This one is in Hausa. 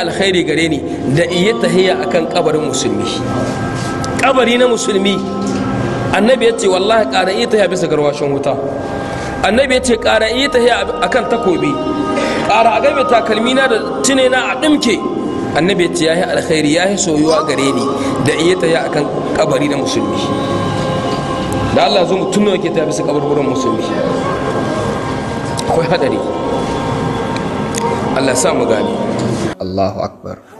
alkhairi gare ni da iya a akan kabarin musulmi kabari na musulmi annabi ya ce wallahi kara iya tahiya bisa garwashin wuta annabi ya ce kara iya tahiya akan takobi kara a game takalmi na da tine na a dimke annabi ya ce ya yi alkhairi ya yi soyuwa gare ni da iya tahiya akan kabari na musulmi da Allah zo mutum nawa ke bisa kabarburan musulmi akwai hadari Allah sa mu gane الله أكبر